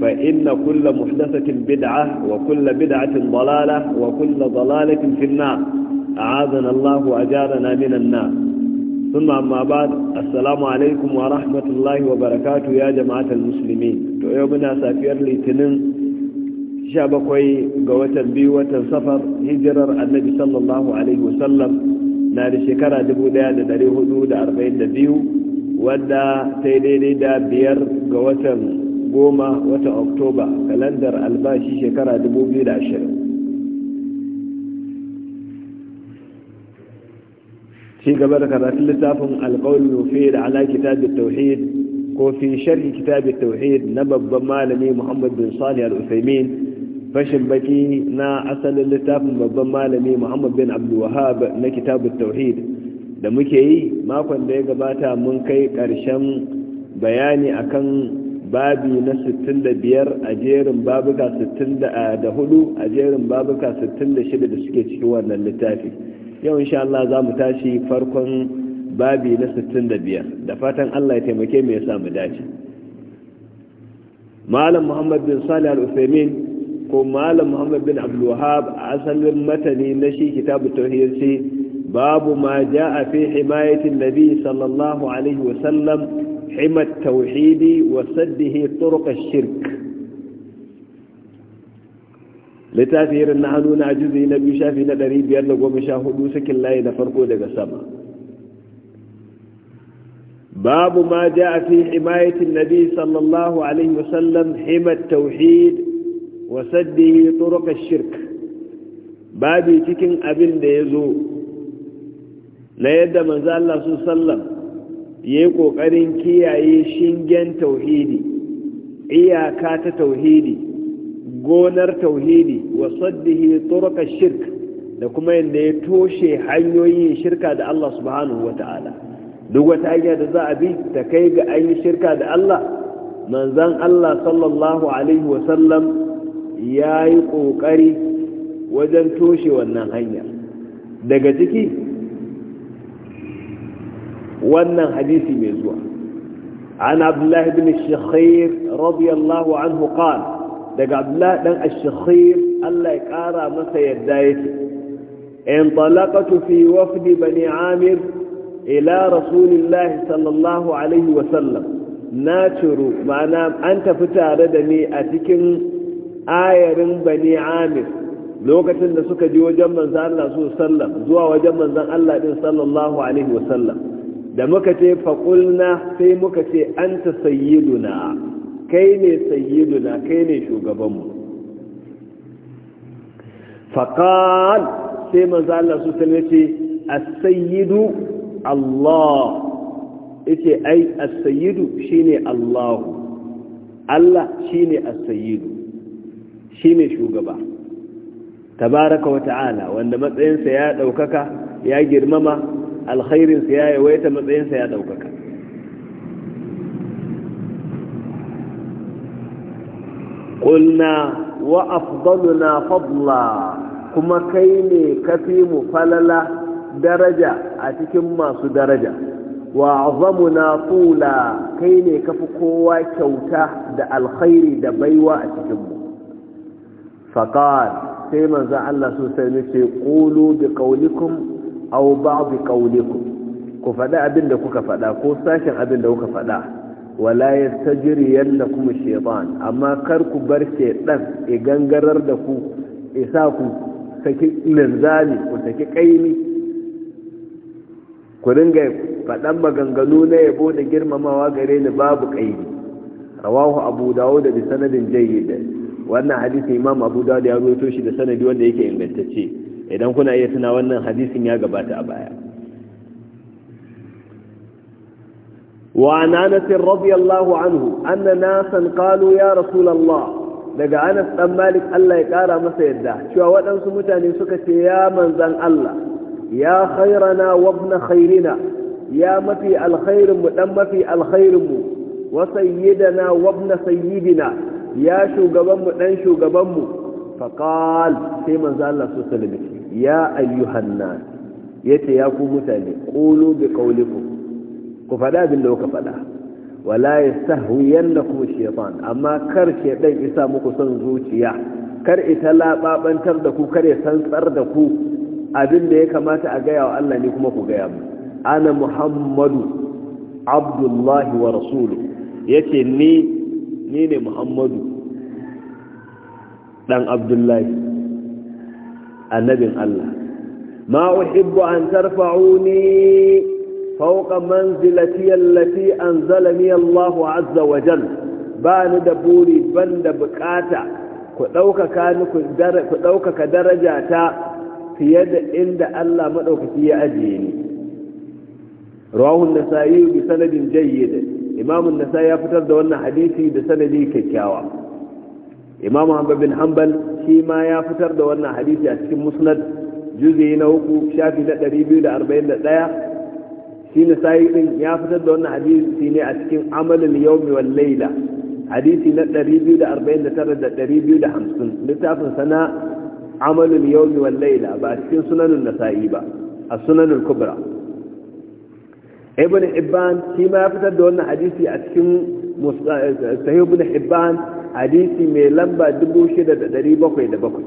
فإن كل محدثة بدعة وكل بدعة ضلالة وكل ضلالة في النار أعاذنا الله وأجارنا من النار ثم أما بعد السلام عليكم ورحمة الله وبركاته يا جماعة المسلمين يومنا سافير لتنين شابكوي قوة بيوة سفر هجرر النبي صلى الله عليه وسلم نار شكرا دبو دا داري هدود أربعين دبيو ودا تيدي دا بير قوة goma watan oktoba kalandar albashi shekara 2020 ci gaba da karatun littafin alkawalin da ala kitabin tauhid ko fi sharhi kitabin tauhid na babban malami muhammad bin salih al-usaimin fashin baki na asalin littafin babban malami muhammad bin abdulwahab na kitabin tauhid da muke yi makon da ya gabata mun kai karshen bayani akan babi na 65 a jerin babuka 64 a jerin babuka 66 da suke cikin wannan littafi yau insha Allah za mu tashi farkon babi na 65 da fatan Allah ya taimake mu ya sa mu dace malam Muhammad bin Salih al-Uthaymeen ko malam Muhammad bin Abdul Wahhab asalin matani na shi kitabu tauhid sai babu ma jaa fi himayatin nabi sallallahu alaihi wa sallam حمى التوحيد وسده طرق الشرك لتأثير نحن نعجز نبي شافي ندري بأنه ومشاهد نوسك الله نفرقه لك السماء باب ما جاء في حماية النبي صلى الله عليه وسلم حمى التوحيد وسده طرق الشرك بابي تكن أبن ديزو لا يد من ذا الله صلى الله عليه وسلم ya yi ƙoƙarin kiyaye shingen tauhidi iyaka ta tauhidi gonar tauhidi wa saddihi turka shirk da kuma yadda ya toshe hanyoyin shirka da Allah subhanahu wa ta'ala duk wata hanya da za a bi ta kai ga an shirka da Allah manzan Allah sallallahu alaihi wasallam ya yi ƙoƙari wajen toshe wannan hanya daga ciki wannan hadisi mai zuwa an abdullahi bin shakhir radiyallahu anhu qala daga abdullahi dan ash Allah ya kara masa yadda yake in talaqatu fi wafd bani amir ila sallallahu alaihi wa sallam na ciro ma'ana an tafi tare da ni a cikin ayarin bani lokacin da suka ji wajen manzan Allah su zuwa wajen manzan Allah din sallallahu alaihi wa sallam da muka ce faƙulna sai muka ce an ta sayyiduna kai ne sayyiduna kai ne shugabanmu faƙal sai maza Allah su tana ce a sayyidu Allah ce ai a sayyidu shi ne Allahu Allah shi ne a sayyidu shi ne shugaba tabaraka wa ta'ala wanda matsayinsa ya ɗaukaka ya girmama alkhairinsa ya yawaita matsayinsa ya ɗaukaka ƙulna wa afdaluna fadla kuma kai ne kafi mu falala daraja a cikin masu daraja wa azamuna fula kai ne kafi kowa kyauta da alkhairi da baiwa a cikinmu faƙar sai manzan Allah sosai ne ce ƙulu bi ƙaunikun aw ba'd qawlikum ku fada abin da kuka fada ko sashen abin da kuka fada wala yastajri yallakum shaytan amma kar ku bar shaytan e gangarar da ku sa ku saki linzami ku saki kaimi ku dinga faɗan maganganu na yabo da girmamawa gare ni babu kaimi rawahu abu dawud da sanadin jayyid wannan hadisi imam abu dawud ya rawaito shi da sanadi wanda yake ingantacce idan kuna iya tuna wannan hadisin ya gabata a baya wa انس رضي الله عنه ان ناسا قالوا يا daga Anas dan Malik Allah ya kara masa yadda cewa waɗansu mutane suka ce ya manzan Allah ya khairana wa ibn khairina ya mafi alkhairin mu dan mafi alkhairin mu wa sayyidana wa ibn sayyidina ya shugaban mu dan shugaban mu faqal sai manzan Allah sallallahu alaihi ya ayyuhan nas yace ya ku mutane qulu bi qawlikum ku fada bin da kuka fada wala yastahwiyannakum shaytan amma kar ke shaytan isa muku son zuciya kar ita lababantar da ku kar ya santsar da ku abin da ya kamata a gaya wa Allah ne kuma ku gaya mu ana muhammadu abdullahi wa rasulu yace ni ni ne muhammadu dan abdullahi annabin Allah ma uhibbu an tarfa'uni fawqa manzilati allati anzalani Allah azza wa jalla ba ni da buri banda bukata ku ɗaukaka ni ku ɗaukaka daraja ta fiye da inda Allah maɗaukaki ya ajiye ni rawahun nasa'i bi sanadin jayyid imamun nasa'i ya fitar da wannan hadisi da sanadi kyakkyawa imamu hanbal bin hanbal shi ma ya fitar da wannan hadisi a cikin musnad juzi na uku shafi na biyu da 241 shi na sayi din ya fitar da wannan hadisi ne a cikin amalin yaumi wal laila hadisi na biyu da arba'in 250 littafin sana amalin yaumi wal laila ba a cikin sunanin nasa'i ba a sunanin kubra ibn hibban shi ma ya fitar da wannan hadisi a cikin eh, sahih ibn hibban hadisi mai lamba 6707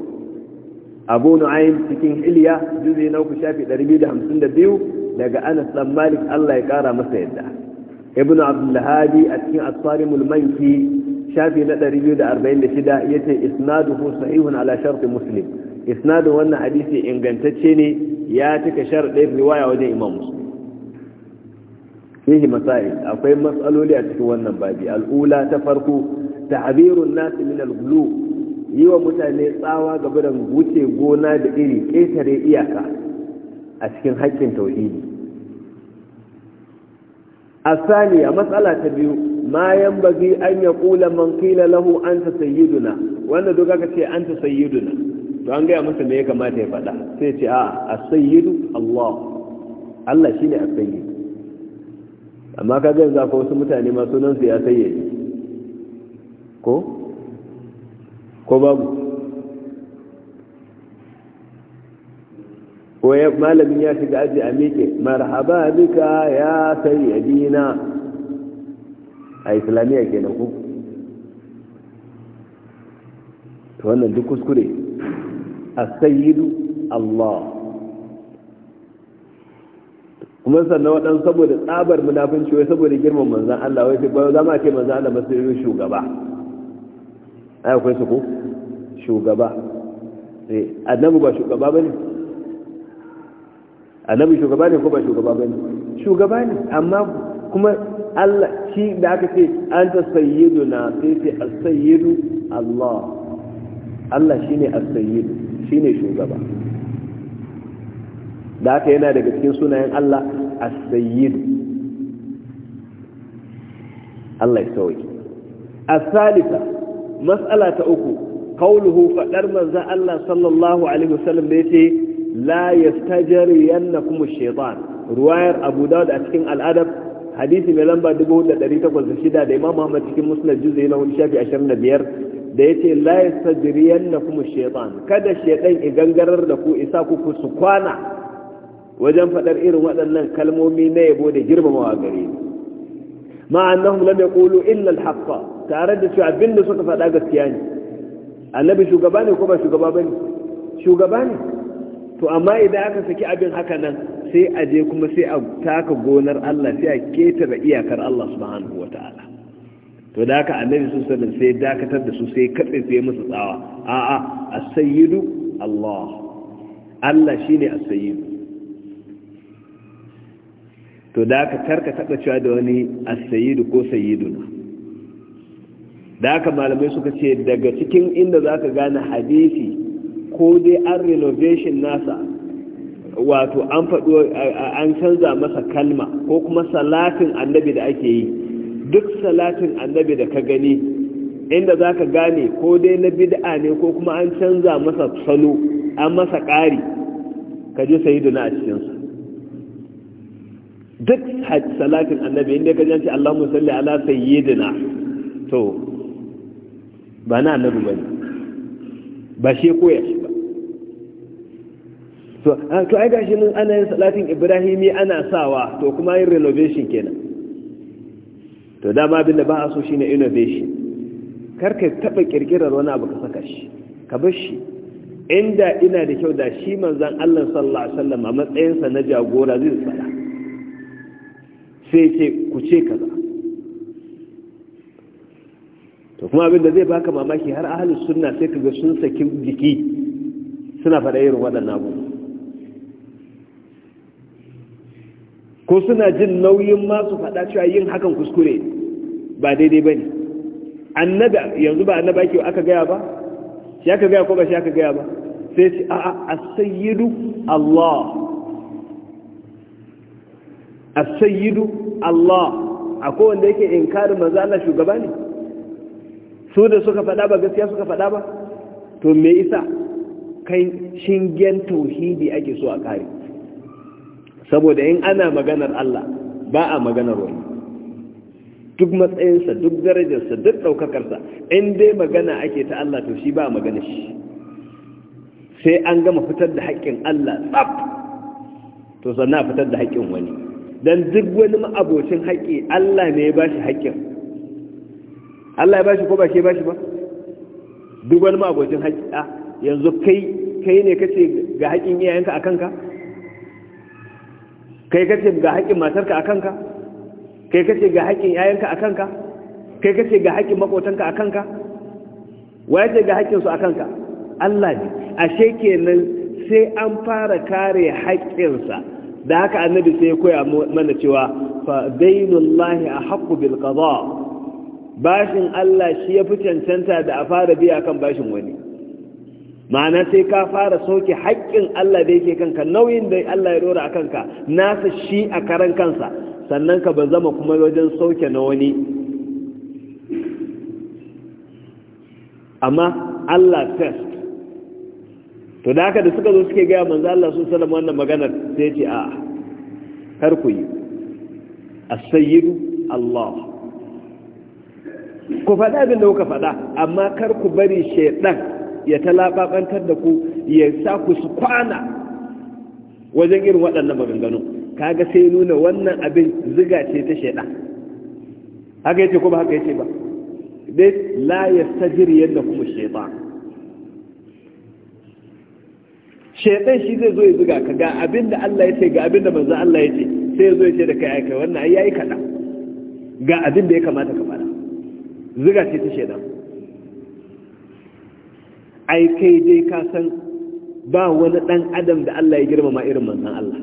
abu nu'aym cikin hilya juzi na uku shafi 252 daga anas dan malik Allah ya kara masa yadda ibn abdullahi a cikin asarimul manki shafi na 246 yace isnaduhu sahihun ala shart muslim isnadun wannan hadisi ingantacce ne ya cika sharadin riwaya wajen imam muslim fihi masail akwai matsaloli a cikin wannan babi al'ula ta farko ta'abirun nasu min al-ghulu yi wa mutane tsawa gaba barin wuce gona da iri ƙetare iyaka a cikin haƙƙin tauhidi asali a matsala ta biyu ma yan bazi an ya kula man kila lahu an ta sayyiduna wanda duk aka ce an ta sayyiduna to an gaya masa me ya kamata ya faɗa sai ce a as allah allah shine as amma kaga yanzu akwai wasu mutane ma sunan su ya sayyidu ko ko babu ko ya malamin ya shiga aji a miƙe marhaba bika ya sayyadina a islamiyya kenan ku to wannan duk kuskure as-sayyidu Allah kuma sannan waɗansu saboda tsabar munafin wai saboda girman manzan Allah wai ba za ma ce manzan Allah ba sai shugaba ai akwai su ko shugaba eh, annabi ba shugaba bane annabi shugaba ne ko ba shugaba bane shugaba ne amma kuma Allah shi da aka ce an ta sayyidu na sai ce as-sayyidu Allah Allah shine as-sayyidu shine shugaba da aka yana daga cikin sunayen Allah as-sayyidu Allah ya sauke as-salisa Matsala ta uku qauluhu faɗar manzon Allah sallallahu alaihi wasallam da yace la yastajri yannakum ash-shaytan ruwayar Abu Dawud a cikin al-Adab hadisi mai lamba 1806 da Imam Muhammad cikin Musnad juz'i na 25 da yace la yastajri yannakum ash-shaytan kada shaytan i gangarar da ku isa ku su kwana wajen faɗar irin waɗannan kalmomi na yabo da girmamawa gare ni ma'annahum lam yaqulu illa al-haqqa tare da cewa abin da suka faɗa gaskiya ne annabi shugaba ne ko ba shugaba ba ne shugaba ne to amma idan aka saki abin haka nan sai a je kuma sai a taka gonar Allah sai a da iyakar Allah subhanahu wa ta'ala to da haka annabi sun sanin sai dakatar da su sai katse sai musu tsawa a'a as-sayyidu Allah Allah shine as-sayyidu to da haka karka taɓa cewa da wani as-sayyidu ko sayyiduna da haka malamai suka ce daga cikin inda za ka gane hadisi ko dai an renovation nasa wato an faɗo an canza masa kalma ko kuma salatin annabi da ake yi duk salatin annabi da ka gani inda za ka gane ko dai na bid'a ne ko kuma an canza masa salo an masa ƙari ka ji sayi na a cikinsa duk salatin annabi inda ka janci allah musalli ala sayidina to ba na annabi ba ne ba shi koya shi ba to ai gashi nan ana yin salatin ibrahimi ana sawa to kuma yin renovation kenan to dama abin da ba a so shine innovation kar ka taba kirkirar wani abu ka saka shi ka bar shi inda ina da kyau da shi manzan Allah sallallahu alaihi wasallam a matsayinsa na jagora zai tsara sai ce ku ce kaza to kuma abin da zai baka mamaki har ahalus sunna sai kaga sun saki jiki suna faɗa irin waɗannan abu ko suna jin nauyin masu faɗa cewa yin hakan kuskure ba daidai ba ne annaba yanzu ba annaba ke aka gaya ba shi aka gaya ko ba shi aka gaya ba sai ce a'a as-sayyidu Allah as Allah akwai wanda yake inkarin manzo Allah shugaba ne su da suka fada ba gaskiya suka fada ba to me isa kai shingen tauhidi ake so a kare saboda in ana maganar Allah ba a maganar wani duk matsayinsa duk darajarsa duk ɗaukakarsa in dai magana ake ta Allah to shi ba magana shi sai an gama fitar da haƙƙin Allah tsaf to sannan fitar da haƙƙin wani dan duk wani ma'abocin haƙƙi Allah ne ya ba shi haƙƙin Allah ya bashi ko ba ke bashi ba duk wani magwajin haƙi a yanzu kai kai ne kace ga haƙin iyayenka a kanka kai kace ga haƙin matarka a kanka kai kace ga haƙin iyayenka a kanka kai kace ga haƙin makotanka a kanka waye ce ga haƙinsu a kanka Allah ne ashe kenan sai an fara kare haƙƙinsa da haka annabi sai ya koya mana cewa fa dainullahi a bil qada bashin Allah shi ya fi cancanta da a fara biya kan bashin wani ma'ana sai ka fara soke haƙƙin Allah da yake kanka nauyin da Allah ya rora a kanka nasa shi a karan kansa sannan ka ba zama kuma wajen soke na wani amma Allah first to da haka da suka zo suke gaya manzo Allah sun salama wannan maganar sai ce a kar yi as-sayyidu Allah ku faɗa abin da kuka faɗa amma kar ku bari shaidan ya talababantar da ku ya sa ku su kwana wajen irin waɗannan maganganu kaga sai nuna wannan abin ziga ce ta shaidan haka yace ko ba haka yace ba dai la yastajri kuma shaidan shaidan shi zai zo ya ziga ka ga abin da Allah ya ce ga abin da manzo Allah ya ce sai ya zo ya ce da kai ai kai wannan ai yayi kada ga abin da ya kamata ka faɗa ziga ce ta shaidan ai kai dai ka san ba wani dan adam da Allah ya girmama irin manzan Allah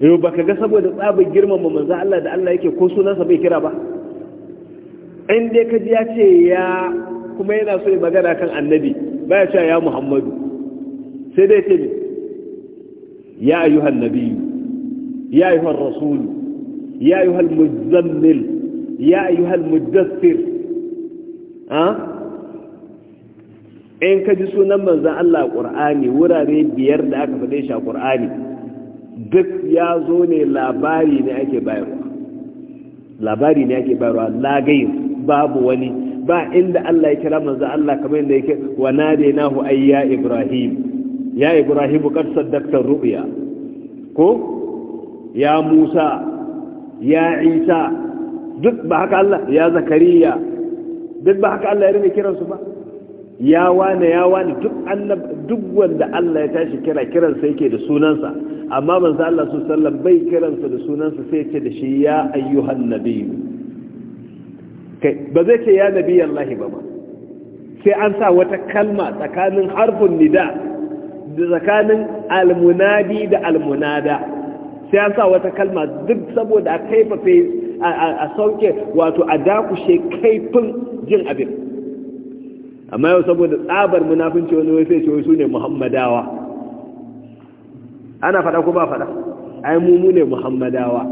yau ba ka ga saboda tsabin girmama manzan Allah da Allah yake ko sunansa bai kira ba in dai ka ji ya ce ya kuma yana so ya magana kan annabi baya cewa ya muhammadu sai dai ce ya ayyuhan nabiyyu ya ayyuhan rasulu ya ayyuhan muzammil ya ayyuhal muddassir in ka ji sunan manzan Allah ƙur'ani wurare biyar da aka faɗe shi a ƙur'ani duk ya zo ne labari ne ake bayarwa labari ne ake bayarwa lagayin babu wani ba inda Allah ya kira manzan Allah kamar yadda yake wa nadainahu ayya ibrahim ya ibrahim qad saddaqta ru'ya ko ya musa ya isa duk ba haka Allah ya zakariya duk ba haka Allah ya rinka kiransu ba ya wane ya wane duk annab duk wanda Allah ya tashi kira kiransa yake da sunansa amma manzo Allah su sallam bai kiransa da sunansa sai ce da shi ya ayyuhan nabi kai ba zai ce ya nabi Allah ba ba sai an sa wata kalma tsakanin harfin nida da tsakanin almunadi da almunada sai an sa wata kalma duk saboda a kaifafe a sauke wato a dakushe kaifin jin abin amma yau saboda tsabar munafinci wani wai sai ce wai su ne muhammadawa ana faɗa ko ba faɗa ai mu mu ne muhammadawa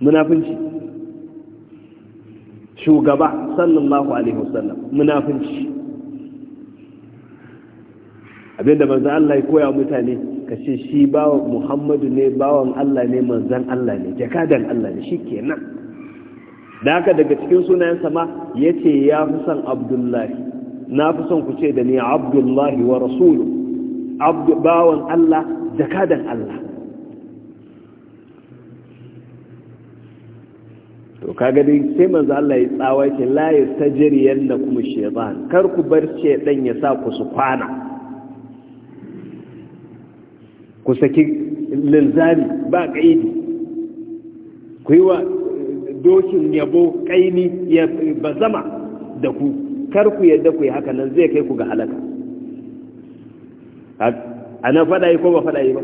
munafinci shugaba sallallahu alaihi wasallam munafinci abinda manzo Allah ya koya mutane ka ce shi bawan muhammadu ne bawan allah ne manzan allah ne jakadan allah ne shi kenan da haka daga cikin sunayen sama ya ce ya fi son abdullahi na fi son ku ce da ni abdullahi wa rasulu bawan allah jakadan allah to kaga dai sai manzo Allah ya tsawace la kuma shaytan kar ku bar shedan ya sa ku su kwana ku saki linzami ba kaidi ku yi wa dokin yabo kaini ya bazama da ku kar ku yadda ku yi haka nan zai kai ku ga halaka a nan faɗa yi ko ba faɗa yi ba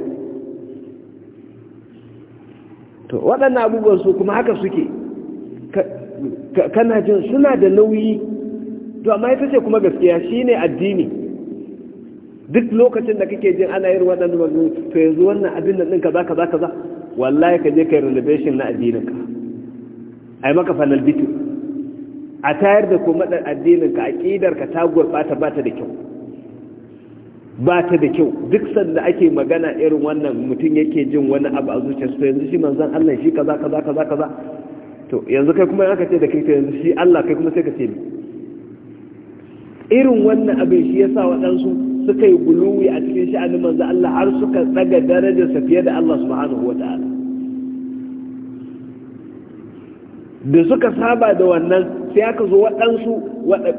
to waɗannan abubuwan su kuma haka suke kana jin suna da nauyi to amma ita ce kuma gaskiya shine addini duk lokacin da kake jin ana yin waɗannan maganganu to yanzu wannan abin nan ɗinka za zaka za wallahi ka je kai renovation na addininka a yi maka fanal bitu a tayar da kuma ɗan addininka ƙidar ta gurɓata ba ta da kyau ba ta da kyau duk sanda ake magana irin wannan mutum yake jin wani abu a zuciyarsa to yanzu shi manzan Allah shi kaza kaza kaza kaza to yanzu kai kuma aka ce da kai to yanzu shi Allah kai kuma sai ka ce irin wannan abin shi yasa waɗansu suka yi guluwi a cikin sha'anin manzo Allah har suka tsaga darajarsa fiye da Allah subhanahu wa da suka saba da wannan sai aka zo waɗansu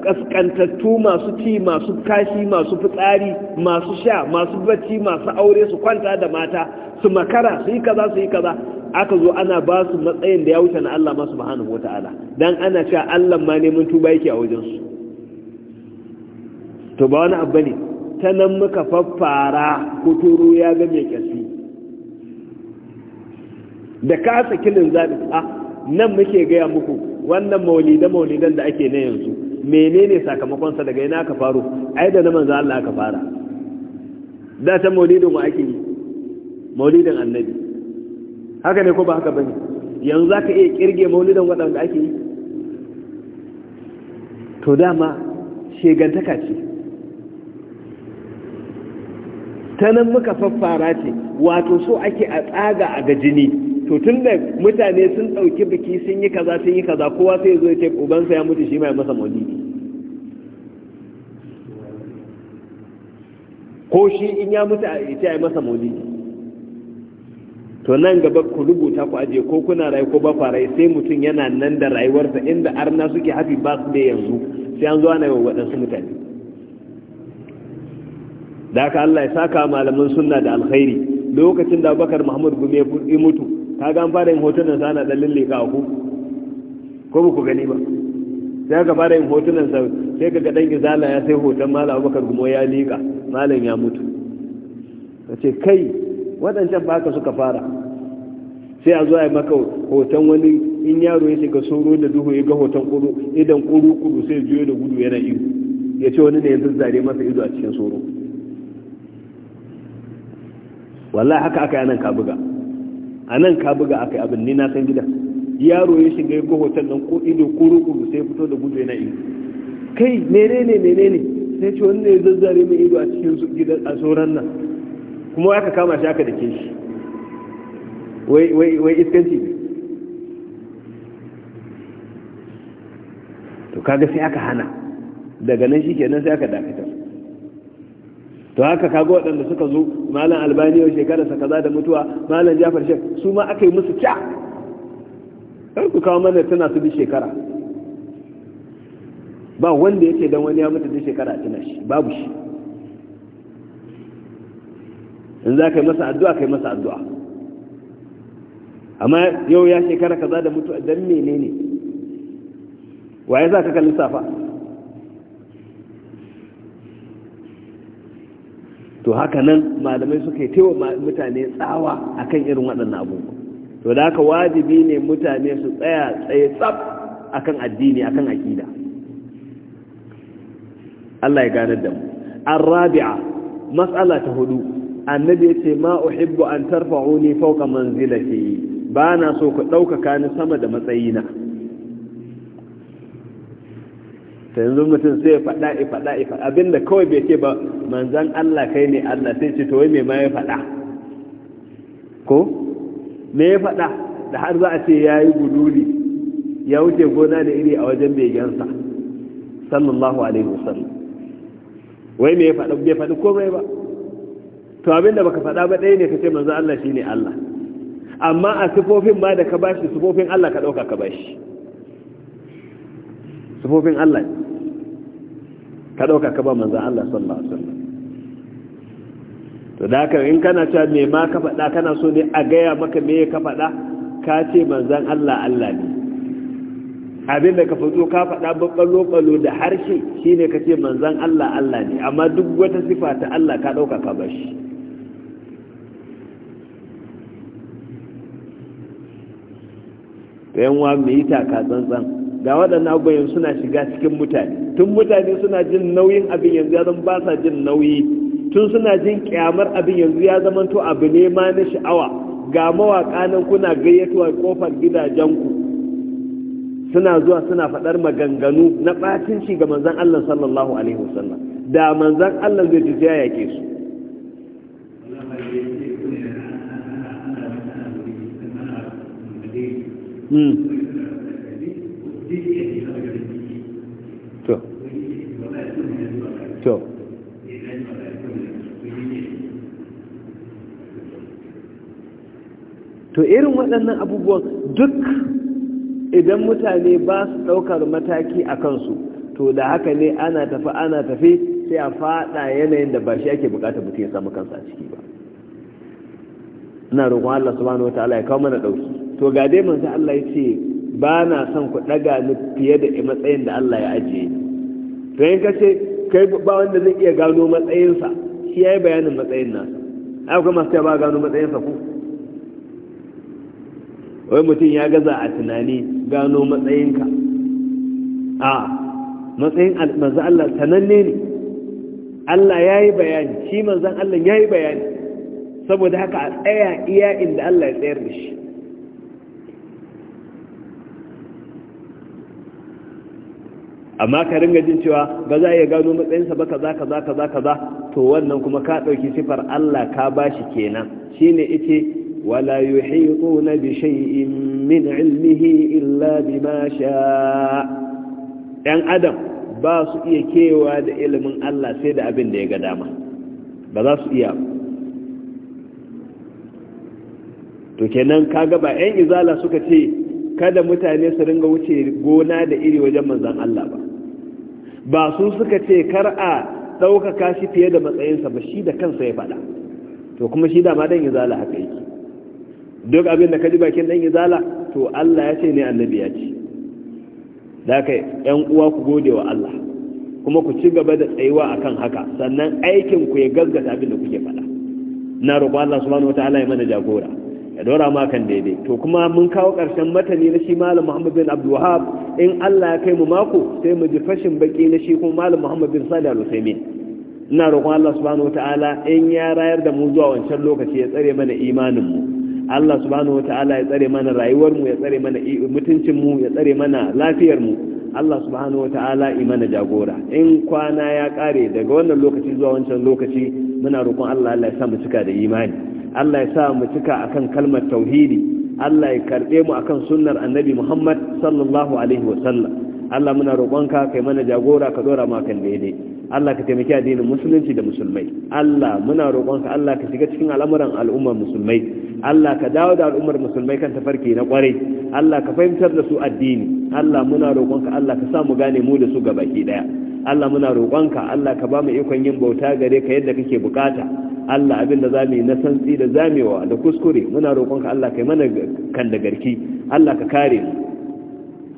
kaskantattu masu ci masu kashi masu fitsari masu sha masu bacci masu aure su kwanta da mata su makara su yi kaza su yi kaza aka zo ana ba su matsayin da ya wuce na Allah masu subhanahu wata'ala dan ana cewa Allah ma neman tuba yake a su. to ba wani abu bane ta nan muka faffara kuturu ya ga mai kyasi da ka saki zaɓi a nan muke gaya muku wannan maulida maulidan da ake na yanzu menene sakamakonsa daga yana aka faro ai da na manzo Allah aka fara da ta maulidin wa ake yi maulidin annabi haka ne ko ba haka bane yanzu za ka iya kirge maulidan waɗanda ake yi to dama shegantaka ce ta nan muka faffara ce wato so ake a tsaga a ga jini to tun da mutane sun ɗauki biki sun yi kaza sun yi kaza kowa sai zo ya ce ubansa ya mutu shi mai masa maulidi ko shi in ya mutu a ce ya masa maulidi to nan gaba ku rubuta ku aje ko kuna rayu ko ba rayu sai mutum yana nan da rayuwarsa inda arna suke hafi happy birthday yanzu sai an zo ana yi wa waɗansu mutane da haka Allah ya saka malaman sunna da alkhairi lokacin da Abubakar Muhammad Gumi ya fudi mutu kaga an fara yin hotunan sa ana dan lillika ku ko ba ku gani ba sai ka fara yin hotunan sa sai ka ga dan izala ya sai hoton malam Abubakar Gumo ya lika malam ya mutu kace kai waɗancan ba ka suka fara sai a zo a maka hoton wani in yaro ya shiga soro da duhu ya ga hoton kuru idan kuru kuru sai juyo da gudu yana iyo ya ce wani ne ya zazzare masa ido a cikin soro wallahi haka aka yi a nan ka buga aka yi abin ni na san gida yaro ya shiga ya ga hotel nan ko ido ko rukuru sai fito da gudu yana ido kai ne mene ne sai ce wani ne zazzare mai ido a cikin gidan a tsoron nan kuma aka kama shi aka ke shi wai iskanci ne to kaga sai aka hana daga nan shi kenan sai aka dakatar to haka kaga waɗanda suka zo malam albani yau sa kaza da mutuwa malam jafar shek su ma aka yi musu kya kar ku kawo mana tana su bi shekara ba wanda yake dan wani ya mutu da shekara tana shi babu shi in za ka yi masa addu'a ka yi masa addu'a amma yau ya shekara kaza da mutuwa dan menene wa za ka kalli safa to haka nan malamai suka yi wa mutane tsawa akan irin waɗannan abubuwa to da haka wajibi ne mutane su tsaya tsaye tsaf akan addini akan aƙida Allah ya ganar da mu Rabi'a matsala ta hudu annabi ya ce ma uhibbu an tarfa'uni fawqa manzilati ba na so ku ɗaukaka ni sama da matsayina ta yanzu mutum sai ya faɗa ya faɗa ya faɗa abinda kawai bai ce ba manzan Allah kai ne Allah sai ce to wai me ma ya faɗa ko me ya faɗa da har za a ce ya yi gududi ya wuce gona da iri a wajen begensa sallallahu alaihi wasallam wai me ya faɗa bai faɗi komai ba to abinda baka faɗa ba ɗaya ne ka ce manzan Allah shine Allah amma a sifofin ma da ka bashi sifofin Allah ka ɗauka ka bashi sufofin Allah ne ka ɗauka ka ba manzan Allah sallallahu alaihi wasallam to da in kana cewa me ma ka faɗa kana so ne a gaya maka me ka faɗa ka ce manzan Allah Allah ne abin da ka fito ka faɗa babban balo da harshe shine ka ce manzan Allah Allah ne amma duk wata sifa ta Allah ka ɗauka ka shi. to yan wa mai yi taka tsantsan ga waɗannan abubuwan suna shiga cikin mutane tun mutane suna jin nauyin abin yanzu ya zama ba sa jin nauyi tun suna jin kyamar abin yanzu ya zama to abu ne ma na sha'awa ga mawaƙa nan kuna gayyatuwa kofar gidajenku suna zuwa suna faɗar maganganu na ɓacinci ga manzan Allah sallallahu alaihi wasallam da manzan Allah zai ji ya yake su Hmm. to to irin waɗannan abubuwan duk idan mutane ba su ɗaukar mataki a kansu to da haka ne ana tafi ana tafi sai a faɗa yanayin da ba shi ake bukata mutum ya samu kansa a ciki ba ina roƙon Allah subhanahu wataala ya kawo mana ɗauki to ga dai manzo Allah ya ce ba na son ku ɗaga ni fiye da matsayin da Allah ya ajiye to in ka ce kai ba wanda zai iya gano matsayinsa shi ya yi bayanin matsayin nasa ai kuma masu ba gano matsayinsa ku wai mutum ya gaza a tunani gano matsayinka a matsayin manzo Allah sananne ne Allah ya yi bayani shi manzon Allah ya yi bayani saboda haka a tsaya iya inda Allah ya tsayar da shi amma ka ringa jin cewa ba za a iya gano matsayinsa ba kaza kaza kaza kaza to wannan kuma ka ɗauki sifar Allah ka bashi kenan shine yace wala yuhituna bi shay'in min ilmihi illa bima sha dan adam ba su iya kewa da ilimin Allah sai da abin da ya ga dama ba za su iya to kenan kaga ba 'yan izala suka ce kada mutane su ringa wuce gona da iri wajen manzon Allah ba ba su suka ce kar a ɗaukaka shi fiye da matsayinsa ba shi da kansa ya faɗa to kuma shi dama dan izala haka yake duk abin da ka ji bakin dan izala to Allah ya ce ne annabi ya ce da haka 'yan uwa ku gode wa Allah kuma ku ci gaba da tsayuwa akan haka sannan aikinku ya gaggata abin da kuke faɗa na roƙo Allah subhanahu wataala ya mana jagora ya dora ma kan daidai to kuma mun kawo ƙarshen matani na shi malam muhammad bin Abdulwahab, in allah ya kai mu mako sai mu ji fashin baki na shi kuma malam muhammad bin sadi al ina roƙon allah subhanahu wataala in ya rayar da mu zuwa wancan lokaci ya tsare mana imanin mu allah subhanahu wataala ya tsare mana rayuwar mu ya tsare mana mutuncin mu ya tsare mana lafiyar mu allah subhanahu wataala imana jagora in kwana ya kare daga wannan lokaci zuwa wancan lokaci muna roƙon allah allah ya sa mu cika da imani Allah ya sa mu cika akan kalmar tauhidi Allah ya karɓe mu akan sunnar annabi Muhammad sallallahu alaihi wasallam Allah muna roƙonka kai mana jagora ka ɗora ma daidai Allah ka taimaki addinin musulunci da musulmai Allah muna roƙonka Allah ka shiga cikin al'amuran al'ummar musulmai Allah ka dawo da al'ummar musulmai kan tafarki na kwarai Allah ka fahimtar da su addini Allah muna roƙonka Allah ka sa mu gane mu da su gabaki daya Allah muna roƙonka Allah ka ba mu ikon yin bauta gare ka yadda kake bukata Allah abin da zamu yi na santsi da zamewa da kuskure muna roƙonka Allah kai mana kan da garki Allah ka kare mu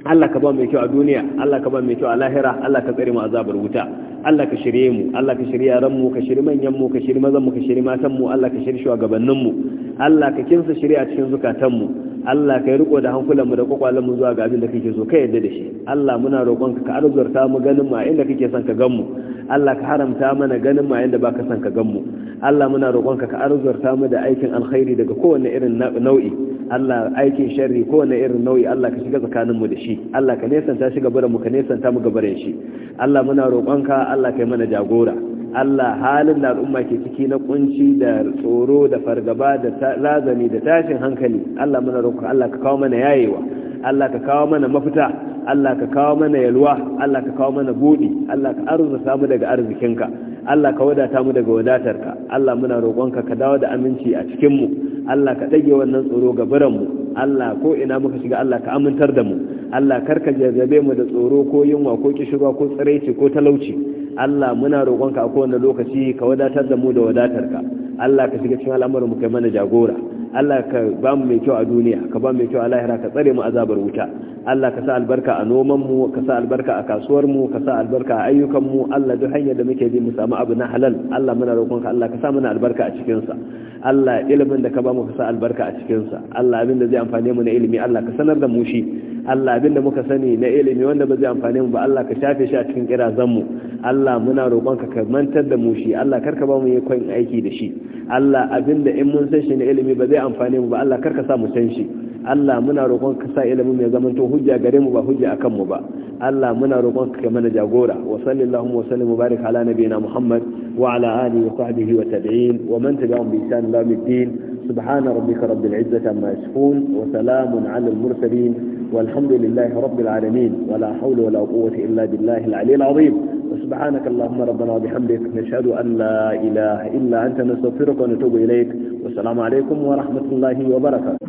Allah ka ba mai kyau a duniya Allah ka ba mai kyau a lahira Allah ka tsare mu azabar wuta Allah ka shirye mu Allah ka shirye yaran mu ka shirye manyan mu ka shirye mazan mu ka shirye matan mu Allah ka shirye shugabannin mu Allah ka kinsa shirye a cikin zukatan mu Allah kai riko da hankulan mu da kwakwalen zuwa ga abin da kake so kai yadda da shi Allah muna roƙon ka arzurta mu ganin mu a inda kake son ka gan mu Allah ka haramta mana ganin mu a inda baka son ka gan mu Allah muna roƙon ka arzurta mu da aikin alkhairi daga kowanne irin nau'i Allah aikin sharri kowanne irin nau'i Allah ka shiga tsakanin mu da shi Allah ka nesanta shi gabaran mu ka nesanta mu gabaran shi Allah muna roƙon ka Allah kai mana jagora Allah halin da al'umma ke ciki na kunci da tsoro da fargaba da razani da tashin hankali Allah muna roƙo. Allah ka kawo mana yayewa Allah ka kawo mana mafita Allah ka kawo mana yalwa Allah ka kawo mana buɗi Allah ka arzuta mu daga arzikinka Allah ka wadata mu daga wadatarka Allah muna roƙonka ka dawo da aminci a cikin mu Allah ka ɗage wannan tsoro ga biranmu Allah ko ina muka shiga Allah ka amintar da mu Allah karka jarrabe mu da tsoro ko yunwa ko kishirwa ko tsiraici ko talauci Allah muna roƙonka a kowane lokaci ka wadatar da mu da wadatar ka Allah ka shiga cikin al'amuran mu kai mana jagora Allah ka ba mu mai kyau a duniya ka ba mu mai kyau a lahira ka tsare mu azabar wuta Allah ka sa albarka a noman mu ka sa albarka a kasuwar mu ka sa albarka a ayyukan mu Allah duk hanyar da muke bi mu samu abu na halal Allah muna roƙonka Allah ka sa mana albarka a cikin sa Allah ilimin da ka ba mu ka sa albarka a cikinsa Allah abin da zai amfane mu na ilimi Allah ka sanar da mu shi Allah abin da muka sani na ilimi wanda ba zai amfane mu ba Allah ka shafe shi a cikin kirazan mu Allah muna roƙon ka ka mantar da mu shi Allah kar ka ba mu yakon aiki da shi Allah abin da in mun san shi na ilimi ba zai amfane mu ba Allah kar ka sa mu san shi Allah muna roƙon ka sa ilimin mai zamanto hujja gare mu ba hujja akan mu ba Allah muna roƙon ka mana jagora wa sallallahu wa sallam mubarak ala nabiyina Muhammad wa ala alihi wa sahbihi wa tabi'in wa man tabi'ahum bi ihsan ila yawmiddin subhana rabbika rabbil izzati amma yasifun wa salamun ala al mursalin walhamdulillahi rabbil alamin wa la hawla wa la quwwata illa billahi al aliyyil اللهم ربنا وبحمدك نشهد أن لا إله إلا أنت نستغفرك ونتوب إليك والسلام عليكم ورحمة الله وبركاته